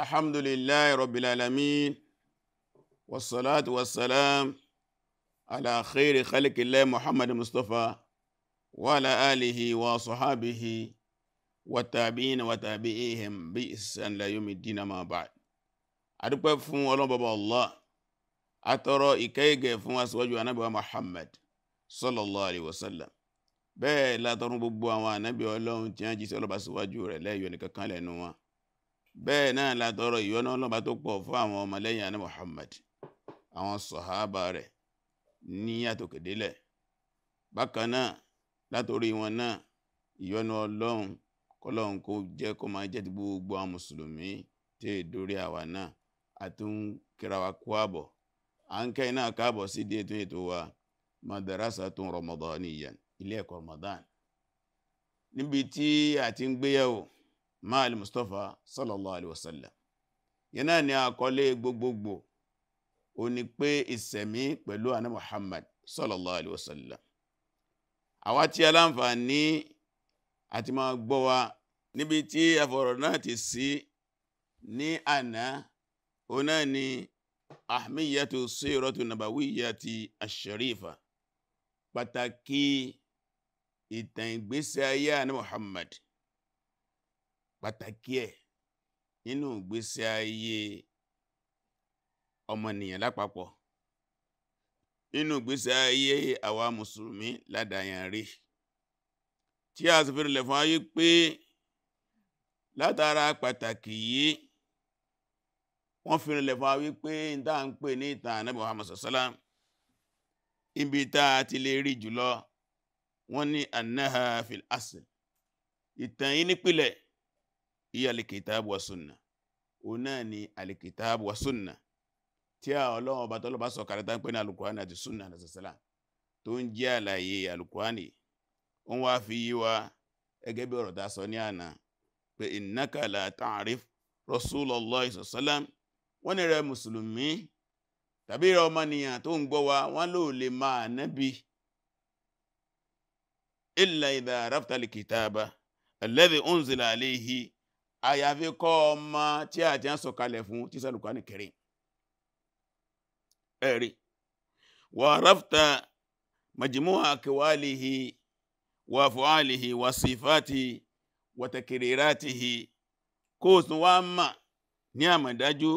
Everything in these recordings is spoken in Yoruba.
الحمد لله رب العالمين والصلاة والسلام على خير خلق الله محمد مصطفى وعلى آله وصحابه والتابعين وتابعيهم بإحسان لا يوم الدين ما بعد adúpẹ́ fún ọlọ́bọ̀bọ̀ Allah atọ́rọ ìkẹ́gẹ̀ fún aṣíwájú anábíwa Muhammad sallallahu alaihi wasallam bẹ́ẹ̀ látọrún gbogbo àwọn anábí Ọlọ́run tí a jí sí ọlọ́bà síwájú rẹ̀ lẹ́yọ nìkankan lẹ́nu wọn bẹ́ẹ̀ náà látọrọ ìyọ́nà ọlọ́ba tó pọ̀ fún àwọn ọmọlẹ́yìn Muhammad àwọn sọ̀hábà rẹ̀ ní àtòkèdélẹ̀ bákan náà látorí wọn náà ìyọ́nà ọlọ́run kọlọ́run kó jẹ́ kó máa jẹ́ ti gbogbo àwọn mùsùlùmí tí èdórí àwa náà àti ń kíra wa kú àbọ̀ à ń kẹ́ iná káàbọ̀ sí ètò wa madrasatun Ramadaniyyan ilé ẹ̀kọ́ níbi tí máàlì mustapha sallallahu alaihi wasallam yẹn náà ni àkọlé gbogbogbò ó ní pé ìsẹ̀mí pẹ̀lú àná muhammad sallallahu alaihi wasallam àwa tí aláǹfààní àti máa gbọ́ wa níbi tí afọ̀rọ̀ náà ti sí ní àná ó náà ni ahmiyatu siratu nabawiyyati ash-sharifa pàtàkì ìtàn ìgbésí ayé muhammad pàtàkì ẹ̀ nínú ìgbésí ayé ọmọnìyàn lápapọ̀ nínú ìgbésí ayé àwa mùsùlùmí ládàáyàn rí tí a sì fẹ́rẹ̀lẹ̀ fún ayé pé látara pàtàkì yìí wọ́n fẹ́rẹ̀lẹ̀ fún ayé pé ìta ń pè ní ìtàn Ànábì Muhammad sallam ibi tá a ti lè rí jùlọ wọ́n ní annaha fil ìtàn yìí nípìlẹ̀ iya alikitaabu wa sunna o náà ni alikitaabu wa sunna tí a ọlọ́run ọba tọ́lọ́ba sọ kàrẹ́tà ń pè ní alukurani àti sunna àti sàsàlá tó ń jẹ́ àlàyé alukurani ó wá fi yí wa gẹ́gẹ́ bí ọ̀rọ̀ ta sọ ní àná pé innaka la ta'rif Rasulullah sallam wọ́n ní rẹ mùsùlùmí tàbí rẹ ọmọnìyàn tó ń gbọ́ wa wọ́n ló lè máa nábi illa idha arafta alikitaba alladhi unzila àyàfi kọ́ ọmọ tí a ti ń sọ̀kalẹ̀ fún tí sàlùkwá ní kẹrin ẹ̀rí wà ráfta majmua akwalihi wà fu'alihi wà sífàtì wà kó sùn wá mà ní àmàdájú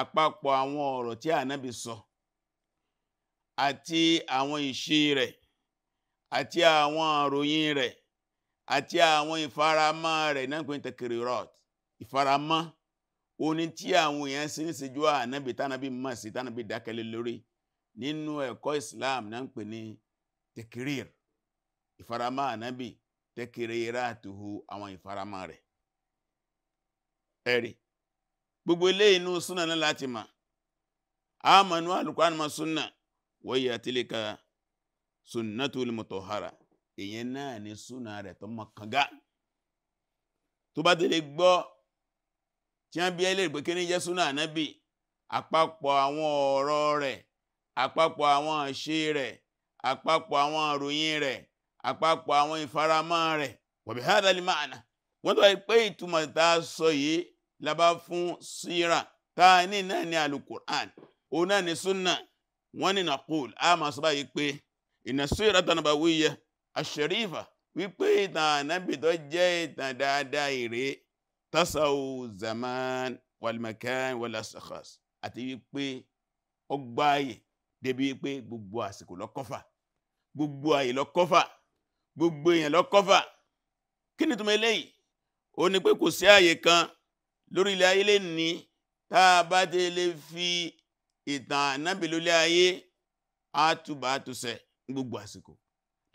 àpapọ̀ àwọn ọ̀rọ̀ tí Ànábì sọ àti àwọn ìṣe rẹ̀ àti àwọn àròyìn rẹ̀ àti àwọn ìfaramọ́ rẹ̀ náà pín tẹ̀kìrì rọ̀t ìfaramọ́ oní tí àwọn èèyàn sí ní síjú ànábì tánàbí mọ̀ sí tánàbí dákẹ́lẹ̀ lórí nínú ẹ̀kọ́ Islam náà pè ní tẹ̀kìrì ìfaramọ́ ànábì tẹ̀kìrì rátuhu àwọn ìfaramọ́ rẹ̀ ẹ̀rì gbogbo ilé inú súnà náà láti mà á mọ̀ alùkọ́ àmọ́ súnà wọ́yẹ̀ tilka sunnatul mutahhara èyẹn náà ni súnà rẹ̀ tó mọ̀ kànga tó bá tẹ́lẹ̀ gbọ́ tí wọ́n bí ẹlẹ́ ìpé kí ní jẹ́ súnà ànábì àpapọ̀ àwọn ọ̀rọ̀ rẹ̀ àpapọ̀ àwọn àṣẹ rẹ̀ àpapọ̀ àwọn àròyìn rẹ̀ àpapọ̀ àwọn ìfaramọ́ rẹ̀ wọ̀bí hádàlì máàna wọ́n tó pé ìtumọ̀ tá sọ yìí labá fún síra tá ní náà ní alukur'an òun náà ní súnà wọ́n ní nàkúl a máa sọ báyìí pé ìnà síra tánàbà àṣẹrífà wípé ìtàn ànábì tó jẹ́ ìtàn dáadáa ire tasawu zaman walmakan walasakas àti wípé ó gbáyè débi wípé gbogbo àsìkò lọ́kọ́fà gbogbo àyè lọ́kọ́fà gbogbo èèyàn lọ́kọ́fà kí ni túnmọ̀ eléyìí ó ní pé kò sí àyè kan lórí ilẹ̀ ayé lè ní tá a bá ti lè fi ìtàn ànábì lólé ayé á túbà á túsẹ̀ gbogbo àsìkò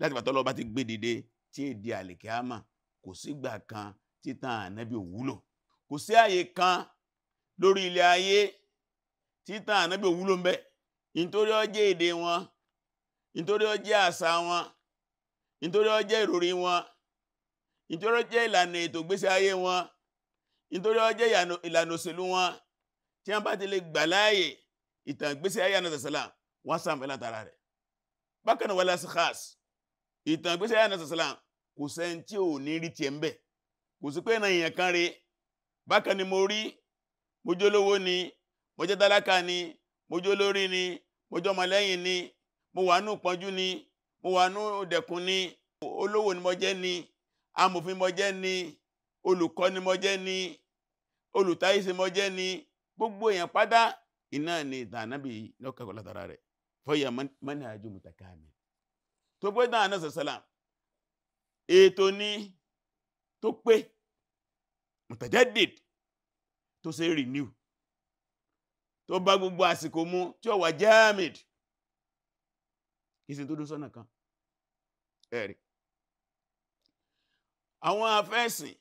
láti pàtọ́ lọ́ba ti gbé dìde tí èdè àlìkíámà kò sígbà kan títàn ànábì òwúlò kò sí àyè kan lórí ilẹ̀ ayé títàn ànábì òwúlò mbẹ̀ nítorí ó jẹ́ èdè wọn nítorí ó jẹ́ àṣà wọn nítorí ó jẹ́ ìròrí wọn nítorí ó jẹ́ ìlànà ètò ìgbésí ayé wọn nítorí ó jẹ́ ìlànà òṣèlú wọn tí wọ́n bá ti lè gbà láàyè ìtàn ìgbésí ayé ànà sàsàlà sàmì látara rẹ̀ bákan wọlé sí khas ìtàn ìgbésẹ̀ àyà nàìsàsàlá kò sẹ́n tí ò ní rí tiẹ̀ ń bẹ̀ kò sí pé ènìyàn kan rí bákan ni mo rí mo jẹ́ olówó ni mo jẹ́ tálákà ni mo jẹ́ ni mo jẹ́ ọmọlẹ́yìn ni mo wà nù pọ́njú ni mo wà nù dẹ̀kun ni olówó ni mo ni amòfin mo ni olùkọ́ ni mo ni olùtáyísí mo jẹ́ ni gbogbo èèyàn pátá iná ni ìtàn lọ́kàkọ́ látara rẹ̀ fọ́yà manhaju mutakamil tó pé dáa náà sẹ̀sẹ̀lá ètò ní tó pé mutajaddid tó ṣe renew tó bá gbogbo àsìkò mú tí ó wà jamid ìsìn tó dún sọ́nà kan ẹ̀rì àwọn afẹ́sìn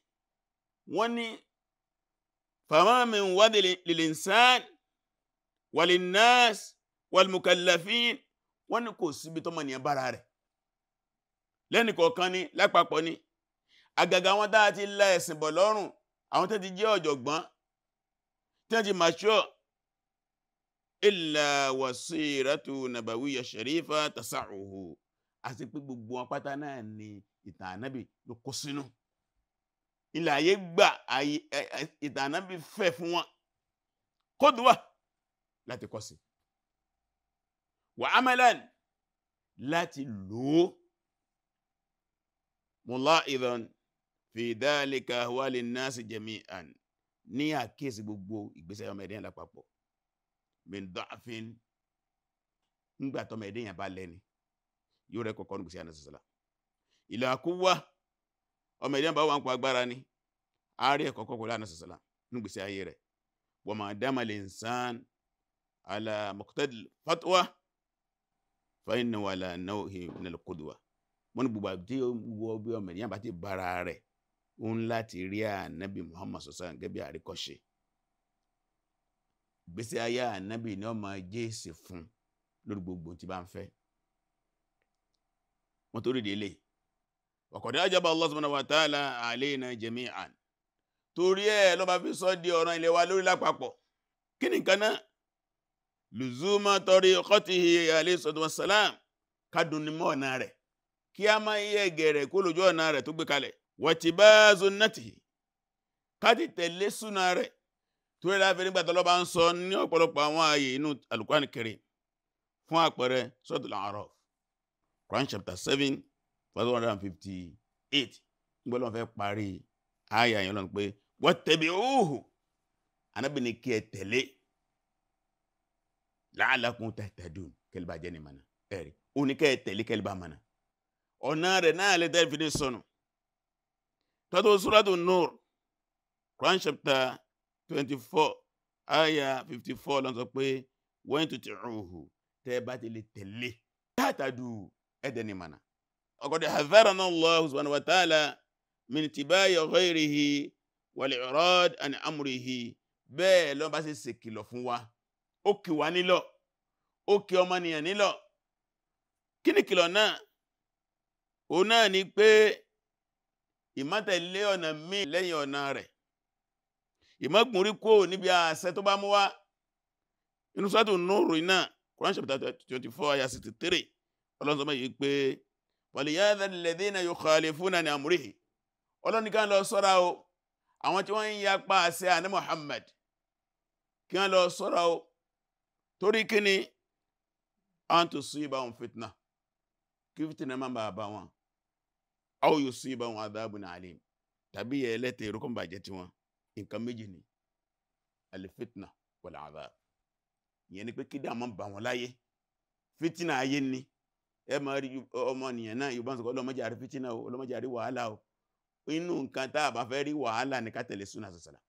wọ́n ní fàmàmì wádìí lil-insan wal-nas wal-mukallafin wọ́n ní kò síbi tọ́mọ̀ ní abára rẹ̀ lẹ́nìkọ̀ọ̀kan ni lápapọ̀ ni àgàgà wọn dáa ti la ẹ̀sìn bọ̀ lọ́rùn àwọn tẹ́ ti jẹ́ ọ̀jọ̀gbọ́n tẹ́ ti mature illa wasiratu nabawiyya sharifa tasa'uhu àti pé gbogbo wọn pátá náà ni ìtàn ànábì ló kó sínú ilẹ̀ gbà ìtàn fẹ́ fún wọn kódùwà láti kọ́ sí wa láti lòó mùláìdán fi dhalika ahwali nasi jami'an ní àkíyèsí gbogbo ìgbésẹ̀ ọmọ ẹ̀dẹ́yàn lápapọ̀ min da'fin ngbà tọmọ ẹ̀dẹ́yàn bá lẹ́ni yóò rẹ kọ̀kọ́ nùgbèsí ànàsàsàlá ìlà àkúwá ọmọ ẹ̀dẹ́yàn bá wà ń pa agbára ni ààrẹ kọ̀kọ́ pẹ̀lú ànàsàsàlá nùgbèsí ayé rẹ̀ wa ma dama l'insan ala muqtadi fatwa fa inna wala nawhi min al-qudwa wọ́n ní gbogbo àti wọ bí ọmọ ènìyàn bá ti bára rẹ̀ ó ń láti rí ànábì Muhammad sọ̀sán gẹ́gẹ́ bí àríkọ́ṣe gbèsè ayé ànábì ni ọmọ jésì fún lórí gbogbo tí bá ń fẹ́ wọ́n tó rí délé ọ̀kọ̀dá ajaba Allah subhanahu wa ta'ala alayna jami'an torí ẹ̀ ló bá fi sọ di ọ̀ràn ilẹ̀ wa lórí lápapọ̀ kí ni nǹkan náà lùzúmọ́ tọrí ọkọ̀ ti alayhi sallam kádùn ní mọ́ ọ̀nà rẹ̀ kí a máa yẹ gẹ̀rẹ̀ kó lójú ọ̀nà rẹ̀ tó gbé kalẹ̀ wọ̀tí bá zonati káti tẹ̀lé súnà rẹ̀ tó rẹ̀ láfẹ́ nígbà tó lọ́bá ń sọ ní ọ̀pọ̀lọpọ̀ àwọn ààyè inú fún Quran chapter 7 verse fẹ́ parí ààyè pé ọ̀nà rẹ̀ náà lè dẹ́fi ní sọnù tọ́tọ́ súrátù nur Quran chapter 24 aya 54 lọ́n sọ pé wọ́n tó ti rúhù tẹ́ bá ti lè tẹ̀lé tátàdù ẹ̀dẹ̀ ni mana ọkọ̀dẹ̀ hazarana Allah subhanahu wa ta'ala min tibaya ghairihi wal i'rad an amrihi bẹ́ẹ̀ lọ́n bá sì ṣèkìlọ̀ fún wa ó kì wá nílọ̀ ó kì ọmọnìyàn nílọ̀ kí ó náà ni pé ìmọ́tẹ̀lé ọ̀nà míì lẹ́yìn ọ̀nà rẹ̀ ìmọ́gbùnrí kó níbi àṣẹ tó bá mú wá inú sọ́tún nóòrò iná Quran chapter 24 ayah 63 ọlọ́nsọ́mọ́ yìí pé waliyadhal ladhina yukhalifuna an amrihi ọlọ́nìkan lọ sọ́ra o àwọn tí wọ́n ń ya pa àṣẹ àní Muhammad kí aw yusibahum adhabun alim tàbí yẹ ẹlẹ́tẹ̀ ìrókùn bàjẹ́ tí wọn nǹkan méjì ni alifitna wal adhab ìyẹn ni pé kí dàmọ́ bà wọn láyé fitina ayé ni ẹ máa rí ọmọ nìyàn náà yorùbá sọ̀kọ́ ọlọ́mọdé àrí fitina o ọlọ́mọdé àrí wàhálà o inú nǹkan tá a bá fẹ́ rí wàhálà ní ká tẹ̀lé súnà sọ̀sọ̀lá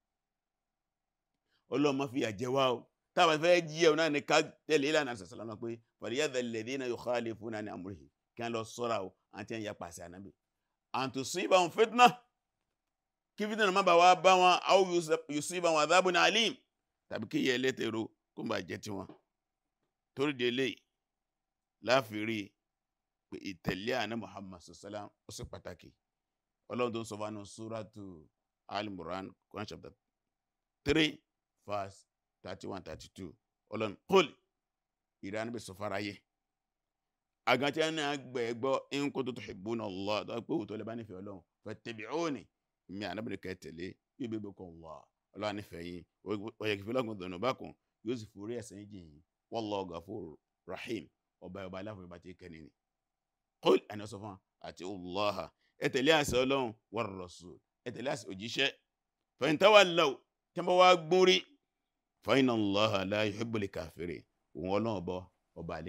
ọlọ́mọ fi àjẹwà o tá a bá fẹ́ jí ẹ̀wọ̀n náà ní ká tẹ̀lé ìlànà sọ̀sọ̀lá náà pé falyadhal ladhina yukhalifuna an amrihi kí wọ́n lọ sọ́ra o àti ẹ̀yà pàṣẹ ànábì àtùsíbà wọn fitna kí fitna má bá wá bá wọn aw yùsíbà wọn àdábù ní alim tàbí kí yẹ lẹ́tẹ̀rọ kó bá jẹ ti wọn torí délé láfírí pé ìtẹ̀lé àná Muhammad sallam ó sì pàtàkì ọlọ́run tó ń sọ fánú súrátù Al-Imran Quran chapter 3 verse 31-32 ọlọ́run kólì ìránibẹ̀ sọ fáráyé àgàntí ẹni agbẹ̀ẹ́gbọ́ in kuntum tuhibbuna Allah tó pé òtò lẹ́bá nífẹ̀ẹ́ ọlọ́run fattabi'uni mi ànábìnrin kẹtẹ̀lé yóò bẹ́ẹ̀ bẹ́ẹ̀ kọ́ wà ọlọ́run nífẹ̀ẹ́ yín ọ̀yẹ̀ kìfẹ́ lọ́gùn dọ̀nà bá kùn yóò sì forí ẹ̀ṣẹ̀ yín jìn wallahu ghafurur rahim ọba ọba aláfọ̀ẹ́ bá ti kẹ́ni ni. qul àná sọ fún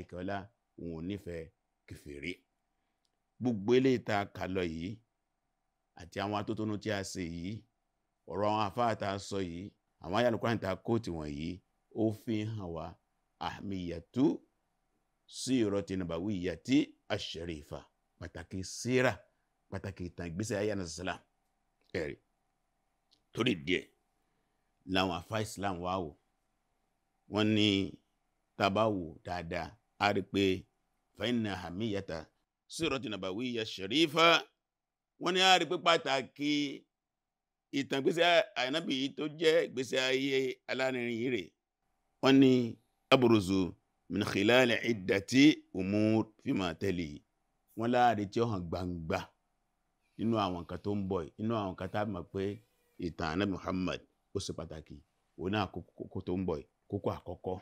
àti Allah òun ò nífẹ̀ẹ́ kèfèrí gbogbo eléyìí tá kà lọ yìí àti àwọn atótónú tí a ṣe yìí ọ̀rọ̀ àwọn àfáà tá sọ yìí àwọn ayé Al-Qur'an tá kóòtì wọ̀nyí ó fi hàn wá ahmiyatu sirati nabawiyati ash-sharifa pàtàkì síra pàtàkì ìtàn ìgbésẹ̀ ayé anasala ẹ̀rí torí díẹ̀ làwọn àfáà Islam wá wò wọ́n ní tabawo dáadáa a rí pé fẹ́ẹ̀nà àmìyàtà sírọ̀tì nàbàwíyà ṣẹ̀rífà wọ́n ní a rí pé pàtàkì ìtàn ìgbésí ànábì tó jẹ́ ìgbésí ayé alárinrin yìí rẹ̀ wọ́n ní abúrúzù min khilal iddati umur fima tali wọ́n láàrí tí ó hàn gbangba nínú àwọn nǹkan tó ń bọ̀ nínú àwọn nǹkan tá mọ̀ pé ìtàn ànábì Muhammad ó ṣe pàtàkì òun náà kókó tó ń bọ̀ kókó àkọ́kọ́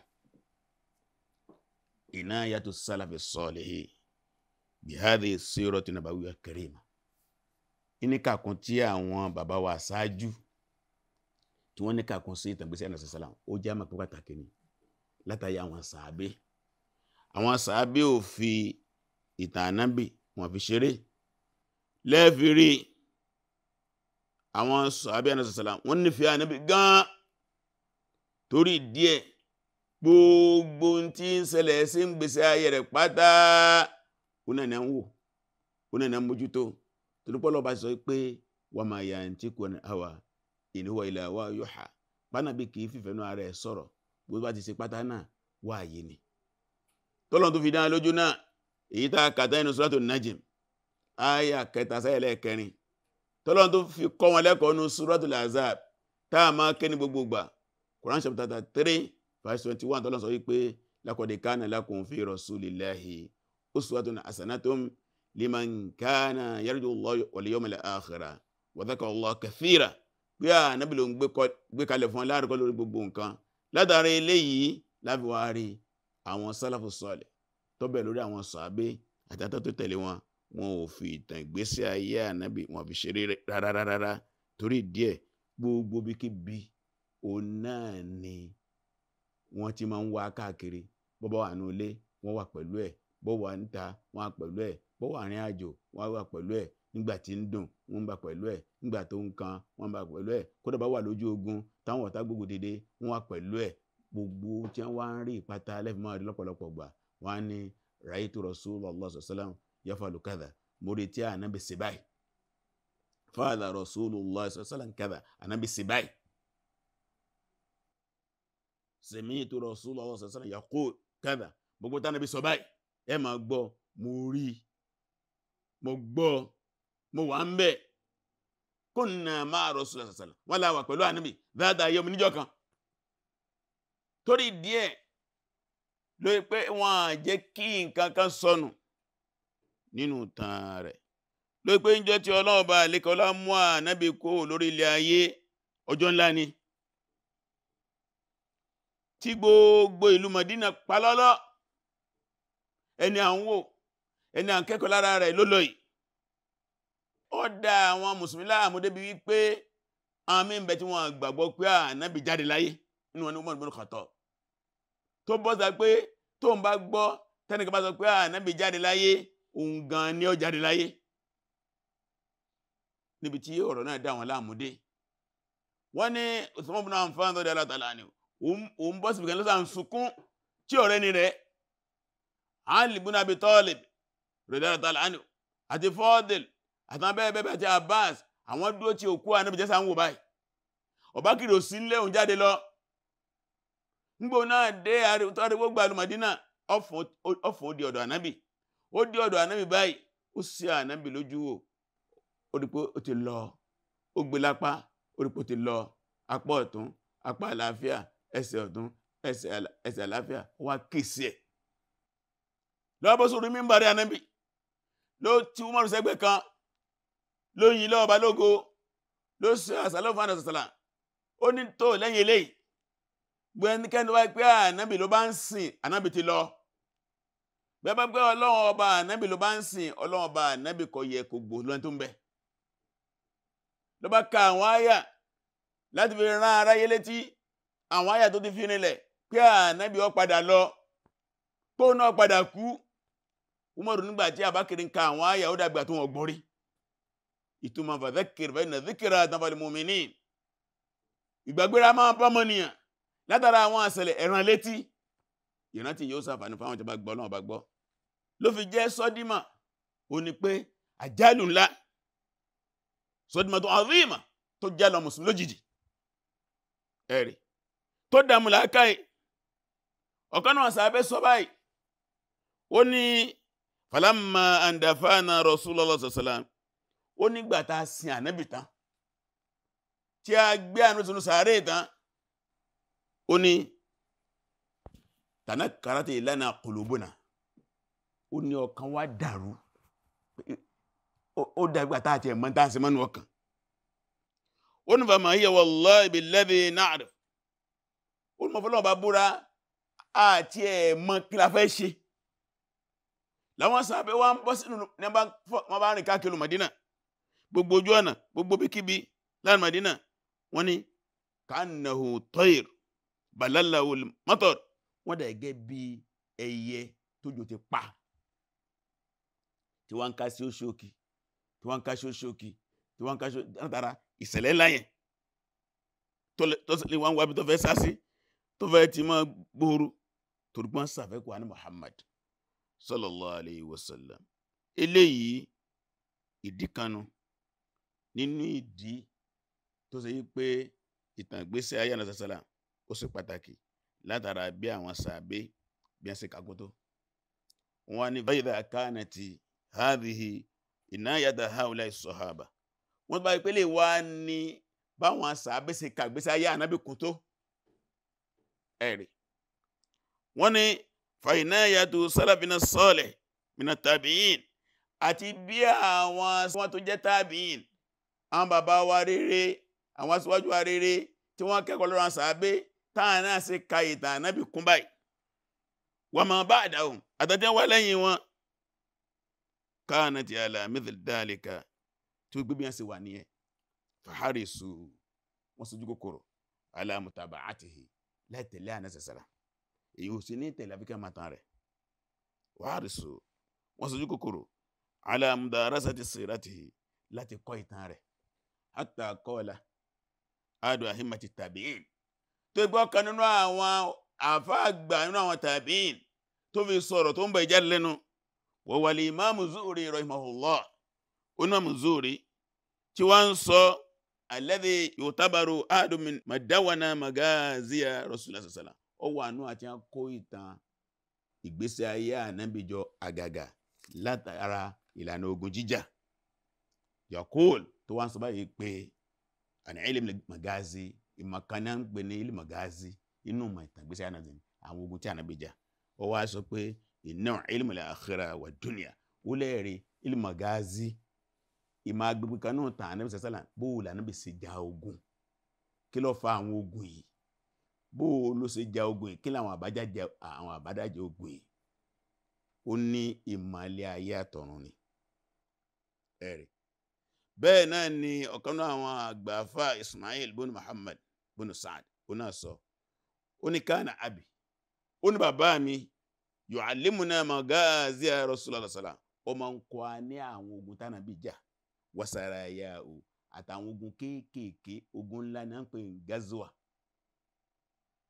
inayatu salafi sọ́ọ̀lẹ̀hì bihadi sírọ̀tì nàbàwíyà kẹrìmà ní kàkún tí àwọn bàbá wa ṣáájú tí wọ́n ní kàkún sí ìtàgbésí ẹ̀nà sàṣàlá ó jẹ́ àmà pàtàkì ni látàrí àwọn sàábé àwọn sàábé ò fi ìtàn ànábì wọn fi ṣeré lẹ́ẹ̀fi rí àwọn sàábé ẹ̀nà sàṣàlá wọ́n nífẹ̀ẹ́ ànábì gan torí díẹ̀ gbogbo tí ń ṣẹlẹ̀ sí ń gbèsè ayé rẹ̀ pátá oná ni a ń wò oná ni a ń mójútó tolúpọ́lọ́ bá sọ pé wà máa yà ń tí kò ní àwà in huwa illa wahyuha pánàbí kìí fìfẹ́nú ara ẹ̀ sọ̀rọ̀ bó bá ti ṣe pátá náà wà ayé ni tọ́lọ́n tó fi dán lójú náà èyí tá a kàtá inú Suratul Najm áyà kẹta sáyẹ̀lẹ̀ kẹrin tọ́lọ́n tó fi kọ́ wọn lẹ́kọ̀ọ́ inú Suratul Ahzab tá a máa ké ní gbogbo gbà Quran chapter 3 verse 21 tọ́lọ́ sọ wípé laqad kana lakum fi rasulillahi uswatun hasanatum liman kana yarju Allaha wal yawmal akhira wa dhakara Allaha kathira pé ànábì ló ń gbé kalẹ̀ fún aláàrẹ̀kọ́ lórí gbogbo nǹkan látara eléyìí láfiwárí wọn ò fi ìtàn ìgbésí ayé ànábì wọn fi ṣeré rárárárá torí díẹ̀ gbogbo bíkíbi òun náà ni wọ́n ti máa ń wá káàkiri bó bá wà ní wọ́n wà pẹ̀lú ẹ̀ bó wà níta wọ́n wà pẹ̀lú ẹ̀ bó wà rìn àjò wọ́n wà pẹ̀lú ẹ̀ nígbà tí ń dùn wọ́n pẹ̀lú ẹ̀ nígbà tó ń kan wọ́n pẹ̀lú ẹ̀ kódà bá wà ogun táwọn ọ̀tá gbogbo dìde wọ́n wà pẹ̀lú ẹ̀ gbogbo tí wọ́n ń rí lọ́pọ̀lọpọ̀ sẹ̀míyìn tó rọ̀ súnlọ́ ọ̀sán sọ́nà gbogbo tánàbí sọ báyìí ẹ ma gbọ mo ri mo gbọ mo wà ń na kunna ma'a rasulullah sallallahu wọ́n wa pẹlụ a dáadáa yẹ níjọ́ kan torí pé kí nǹkan kan sọnù nínú tàn rẹ̀ lórí pé ń jọ tí ọlọ́ọ̀bà lẹ́kọ̀ọ́lá mú ànábì kó lórí ayé ọjọ́ ńlá tí gbogbo ìlú Madina palọ́lọ́ ẹni àwọ̀ ẹni àkẹ́kọ̀ọ́ lára rẹ̀ lólọ yìí ó dá àwọn mùsùlùmí láàmú débi wípé àmì ń bẹ tí wọ́n gbàgbọ́ pé ànábì jáde láyé nínú wọn ni Umar bin Khattab tó bọ́sà pé tó ń bá gbọ́ tẹ́nìkan bá sọ pé ànábì jáde láyé òun gan ni ó jáde láyé níbi tí ọ̀rọ̀ náà dá wọn láàmú dé wọ́n ní Usman bin Affan radiyallahu ta'ala anhu o mbọ si ló sàn nsukwu tí ọrịa ni rẹ̀ Ali ibn Abi Talib rẹ̀dẹ́rẹ̀ tààlà ánì àti Fadil àtàwọn bẹ́ẹ̀ bẹ́ẹ̀ àti Abbas àwọn dúró tí òkú okwu a ń jesa báyìí ọba ọbakiri sí ń lẹ́hùn jáde lọ ngbò náà dé di ọ̀dọ̀ ànábì ó di ọ̀dọ̀ anabi báyìí ó lọ lọ ẹsẹ̀ ese ẹsẹ̀ àláfíà wá kèsì ẹ̀ lọ́bọ̀ sórí mímbàrí anábì ló tí wọ́n márùn sẹ́gbẹ̀ kan ló yí lọ́ọ̀bá lógo ló sọ àsàlọ́fàánà sọ̀sàlà ó ní tó lẹ́yìn eléyìí gbẹ́nikẹ́ni wáyé pé ànábì ló bá ń sìn ànábì ti lọ bẹ́bẹ́ pé ọba ànábì ló bá ń sìn ọlọ́run ọba ànábì kò yẹ kò gbò lọ́n tó ń bẹ ka àwọn àyà láti fi rán aráyé létí àwọn àyà tó ti fi rinlẹ̀ pé ànábì ó padà lọ pé ó náà padà kú umaru nígbà tí abákiri ń ka àwọn àyà ó dàgbà tó wọn gbọ́n rí ìtumọ̀ fàdẹ́kìrì fẹ́ nàdíkìrì àtàbàlì mùmíní ìgbàgbéra máa bá mọ́nìyàn látara àwọn àṣẹlẹ̀ ẹ̀ràn létí ìrántí yóò sàfàní fáwọn tí bá gbọ́ náà bá gbọ́ ló fi jẹ́ sọ́dímà ó ní pé àjálù ńlá sọ́dímà tó àríìmà tó jálọ mùsùlùmí lójijì ẹ̀rì tó dàmù lákàí ọ̀kan náà sàábẹ́ sọ báyìí ó ní falamma andafana Rasulullah sallam ó nígbàtà sin ànábì tán tí a gbé ànúsùn sàárè tán ó ní tànà kàrátì lana qulubuna ó ní ọkàn wá dàrú ó dàgbàtà àti ẹ̀mọ́ntà ọkàn ó ní fàmà hiya wallahi billadhi na'rif olùmọ̀fọ́lọ́wọ́ bá búra àti ẹ̀mọ́ kí la fẹ́ ṣe láwọn sàábẹ́ wọ́n bọ́ sínú ní wọ́n bá rìn káàkiri Madina gbogbo ojú ọ̀nà gbogbo bíkíbi láàrin Madina wọ́n ni kánàhù tọ́ìr balalawo mọ́tọ̀r wọ́n dà gẹ́ bí ẹyẹ tójò ti pa tí wọ́n ń ká sí oṣooki tí wọ́n ń ká sí oṣooki tí wọ́n ń ká sí oṣooki látara ìṣẹ̀lẹ̀ láyẹn tó lè wọ́n wá bí tó fẹ́ sá sí tó ma ti máa gbòòrò torípọ́n sàfẹ́kù àní Muhammad sallallahu alaihi wa sallam eléyìí ìdí kanu nínú ìdí tó yí pé ìtàn ìgbésẹ̀ ayé àná sàṣàlà ó ṣe pàtàkì látara bí àwọn sàbẹ bí ni kanati hadhihi haula sahaba wa ni báwọn ayé ẹ̀rí wọ́n ní fàìnáyàtò sálàfínà sọ́ọ̀lẹ̀ mìnà tàbíyìn àti bí àwọn wọn tó jẹ́ tàbíyìn àwọn bàbá wa rere àwọn aṣíwájú wa rere tí wọ́n kẹ́kọ̀ọ́ lọ́rọ̀ sàábé táà náà sí ka ala mutaba'atihi láì tẹ̀lé ànẹ́sẹ̀sára èyí ò sí ní tẹ̀lé àfikẹ́ matan rẹ̀ wàárìsù wọ́n sojú kòkòrò alamdarasa ti sèrati láti kọ́ ìtàn rẹ̀ hatta kọ́ọ̀lá adùn àhímà ti tàbíìn tó gbọ́ kan nínú àwọn àfáàgbà nínú àwọn tàbíìn tó fi sọ̀rọ̀ tó ń bọ̀ ìjà lẹ́nu wọ́n wà lè imáàmù zúúrí rahimahullah onímọ̀ zúúrí tí wọ́n ń sọ alẹ́dẹ̀ yóò tábàrò áàdùnmí màdáwàná magazia rasulullah sallallahu ó wà nú àti a kó ìtàn ìgbésí ayé ànábìjọ àgàgà látara ìlànà ogun jíjà yakul tó wá ń sọ báyìí pé àní magazi ìmọ̀kaná ń pè ní ilm magazi inú mọ̀ ìtàgbésí ànábìjọ àwọn ogun tí ànábìjà ó wá sọ pé inna ilm al-akhirah wa dunya ó magazi ìmọ̀ agbègbè kan náà tàn ànábì sẹ́sẹ́là bóò lànábì ṣe ja ogun kí ló fa àwọn ogun yìí bóò ló ṣe ja ogun yìí kí làwọn àbádájẹ ogun yìí ó ní ìmọ̀lẹ̀ ayé àtọ̀run ni ẹ̀rì bẹ́ẹ̀ náà ni ọ̀kan náà àwọn àgbàfà Ismail bin Muhammad bin Saad ó náà sọ ó ní kánà àbí ó ní bàbá mi yu'allimuna magazi Rasulullah sallallahu alaihi wasallam ó máa ń kọ́ ní àwọn ogun tánàbí jà wàsàrà ẹ̀yà o àtàwọn ogun kéékèèké ogun ńlá ni wọ́n ń pè ní gazoa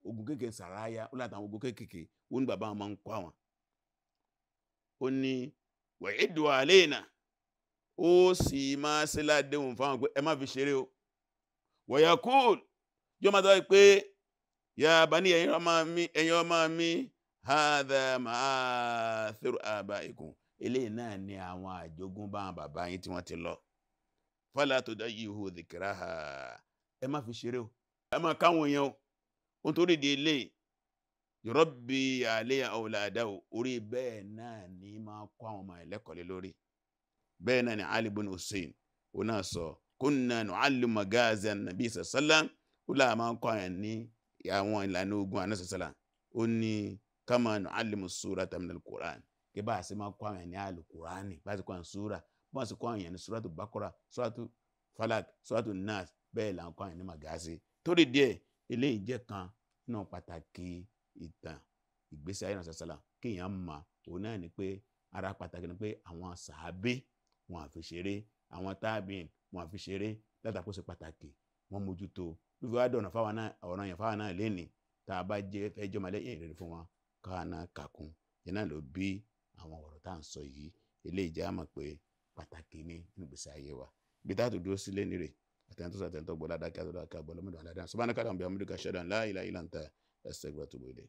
ogun kéékèèké sàráyà ó látàwọn ogun kéékèèké ó ní bàbá wọn máa ń kọ́ àwọn ó ní wẹ̀ẹ́dù àléèna ó sì máa ṣe ládéhùn fáwọn pé ẹ má fi ṣeré o wọ̀yà kúl yóò máa tọ́ pé ya bá ní ẹ̀yin ọmọ mi ẹ̀yin ọmọ mi hádà máa thẹ́rù àbá ikùn eléyìí náà ni àwọn àjogún bá bàbá yín tí wọ́n ti lọ fọ́lá tó dá yìí hù dìkìrá ha ẹ má fi ṣeré o ẹ má káwọn èèyàn o n torí di ilé yọ̀rọ̀bí àléyà ọ̀làdá orí bẹ́ẹ̀ náà ní máa kọ́ àwọn ọmọ ẹ̀lẹ́kọ̀ọ́lé lórí bẹ́ẹ̀ náà ni alibun hussein ó náà sọ kúnnà nù alimu magazin nàbí sàṣálà ó láà máa kọ́ àyàn ní àwọn ìlànà ogun àná sàṣálà ó ní kama nù alimu sura taminal quran kí bá a sì máa kọ́ àyàn ní alukurani bá a sì kọ́ àyàn sura bá sì kọ́ àwọn èèyàn ní suratu bakora suratu falak suratu nas bẹ́ẹ̀ là ń kọ́ àwọn ní magasi torí díẹ̀ eléyìí jẹ́ kan nínú pàtàkì ìtàn ìgbésí ayé ránṣẹ́ sálà kí mọ̀ òun náà ni pé ara pàtàkì ni pé àwọn sàábé wọn àfi ṣeré àwọn tábìn wọn àfi ṣeré látàkó ṣe pàtàkì wọn mójútó wíwá dọ̀nà fáwọn náà ọ̀ràn yẹn fáwọn náà lénìí tá a bá jẹ́ fẹ́ jọmọ lẹ́yìn ìrírí fún wọn káwọn náà kàkún yẹn náà ló bí àwọn ọ̀rọ̀ tá à ń sọ yìí eléyìí jẹ́ àmọ̀ pé pàtàkì ní ìgbésí ayé wa ibi táà tó dúró sílé nírè àtẹ̀ntọ́ sàtẹ̀ntọ́ gbọ́lá dákẹ́ àtọ́dọ́ àkàbọ̀ lọ́mọdé aládàá sọ́bánikàdà ọ̀bẹ̀ amúdíkà ṣẹ́dá ńlá ìlà ìlàntà ẹsẹ̀ gbọ́tùbọ̀ ilẹ̀